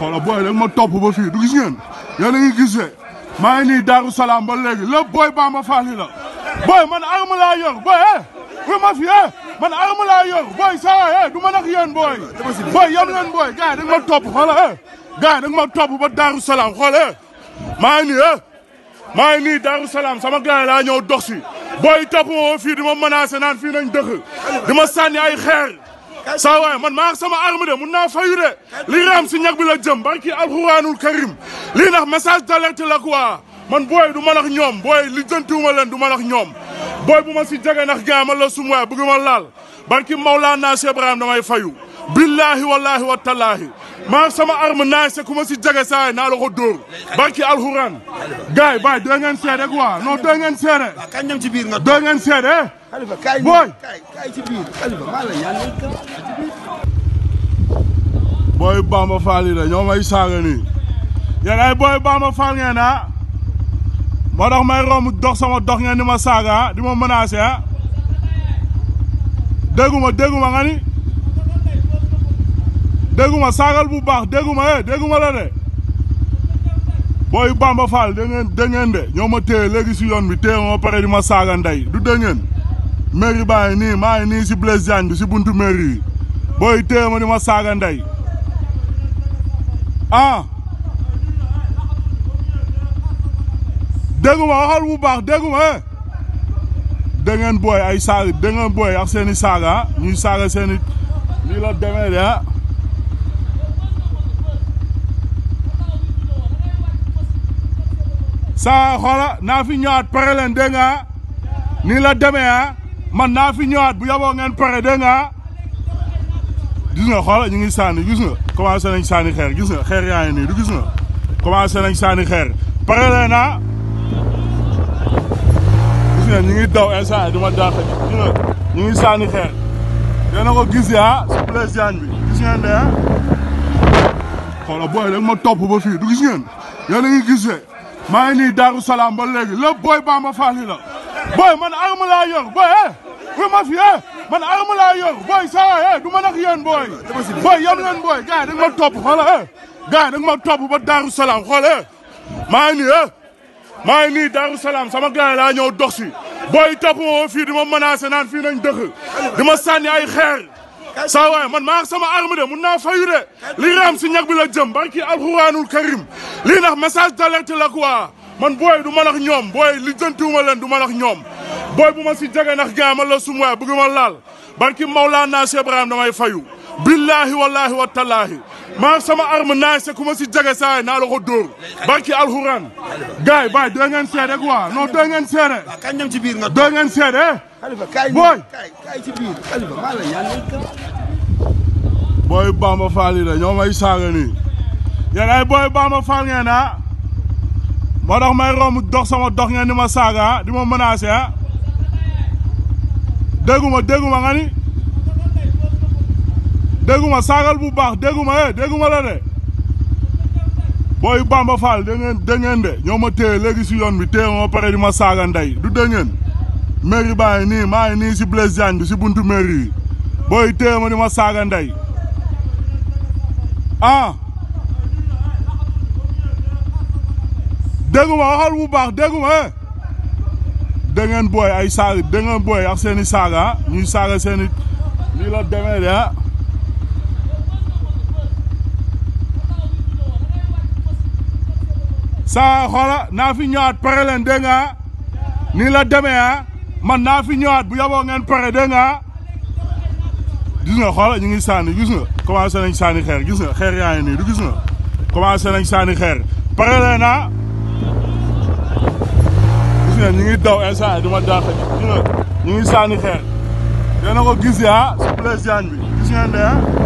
xoolal booy da ma topp ba fii du gis ngeen yéen a ngi gis maa ngi nii Daaru Salaam ba léegi lépp booy Bamba Faali la booy man arme booy eh ma fi eh man arme laa yor booy saa eh, du ma nag yéen booy booy yem leen booy gars yi ma topp xoolal eh gars ma topp ba Daaru Salaam xool eh maa nii eh nii Daaru sama gars yi laa ñëw dox si booy topp ma fii di ma menacé naan fii nañ dëkk di ma sànni ay xeer saa waay man maa sama arme de naa fayu de lii raam si ñax bi la jëm barki alxuraanul karim lii ndax message d'alerte la quoi man booy du man ak ñoom booy li jëntuwuma du man ak ñoom booy bu ma si jege ndax gaa ma la sum waay bëgg ma laal barki Mawlaana Cheikh Ibrahim damay fayu billahi wallahi wa talaahi maa sama arme naaj sa ku ma si jege saa naa la dóor barki alxuraan gars yi bàyyi ngeen seede quoi non doo ngeen seede ah, kañ ci biir nga doo ngeen seede xalifa kaay kaay ci biir booy Bamba Fall ñoo may saaga nii yéen ay booy Bamba Fall ngeen ah may romb dox sama dox ngeen di ma saaga ah, di ma menacé ah dégguma dégguma nga dégguma saagal bu baax dégguma eh dégguma la de booy Bamba Fall da ngeen de ñoo ma téye léegi si yoon bi téye ma pare di ma saaga ndey du dégg ngeen mairie baa ngi nii maa ngi nii si Blaise Diagne bi si buntu mairie booy téye ma di ma saaga ndey ah dégguma waxal bu baax dégguma eh da booy ay saaga da ngeen booy ak seen i saaga ñuy saaga seen i nii demee de ah. saa xoola naa fi ñëwaat pare leen dégg nga nii la demee ah man naa fi ñëwaat bu yaboo ngeen pare dégg nga gis nga xoola ñu ngi sànni gis nga nañ sànni xeer gis xeer yaa ngi gis nga commencé nañ sànni xeer pare leen ah gis nga ñu ngi daw ngi sànni xeer dana gis yaa ah? si bi gis ngeen de ah xoola booy rek ma topp ba fii du gis ngeen yéen a ngi gis maa ngi nii Darou Salaam ba léegi lépp booy Bamba Fall la booy man arme yor booy eh ma fi eh, man arme yor booy saa waay eh, du ma nag yéen booy. booy yem leen booy gars yi da nga ma topp xoola eh gars ma topp ba Darou Salaam xoola eh. nii eh nii Darou sama gars yi laa booy topp ma fii di ma menacé naan fii nañ dëkk di ma sànni ay xeer. saa waay man maa sama arme de naa fayu de lii raam si ñax bi la jëm barki alxuraanul karim lii ndax message d'alerte la waa man booy du man ak ñoom booy li jëntuwuma leen du man ak ñoom booy bu ma si jege ndax gaa ma la sum waay bëgg ma laal barki Mawlaana Cheikh Ibrahim damay fayu billahi wallahi wa talaahi maa sama arme naaj sa ku ma si jege saa naa la dóor barki alxuraan gars yi bàyyi ngeen seede quoi non doo ngeen seede. waaw ah, ci biir nga doo ngeen seede. Khalifa booy Bamba Fall yi saaga nii yéen ay booy Bamba Fall ngeen ah may romb dox sama dox ngeen di ma saaga di mo menacé ah déggu ma déggu dégguma saagal bu baax dégguma eh dégguma la de booy Bamba Fall da ngeen de ñoo ma téye léegi si yoon bi téye ma pare di ma saaga ndey du dégg ngeen mairie baa ngi nii maa ngi nii si Blaise Diagne bi si buntu mairie booy téye ma di ma saaga ndey ah dégguma waxal bu baax dégguma eh da booy ay saaga da ngeen booy ak seen saaga ñuy saaga seen i nii demee de ah. saa xoola naa fi ñëwaat pare leen dégg nga nii la demee ah man naa fi ñëwaat bu yaboo ngeen pare dégg nga gis nga xoola ñu ngi sànni gis nga commencé nañ sànni xeer gis nga xeer yaa ngi nii du gis nga commencé nañ sànni xeer pare leen ah gis nga ñu ngi daw instant di ma dàq gis nga ñu ngi sànni xeer dana gis yaa su plaise bi gis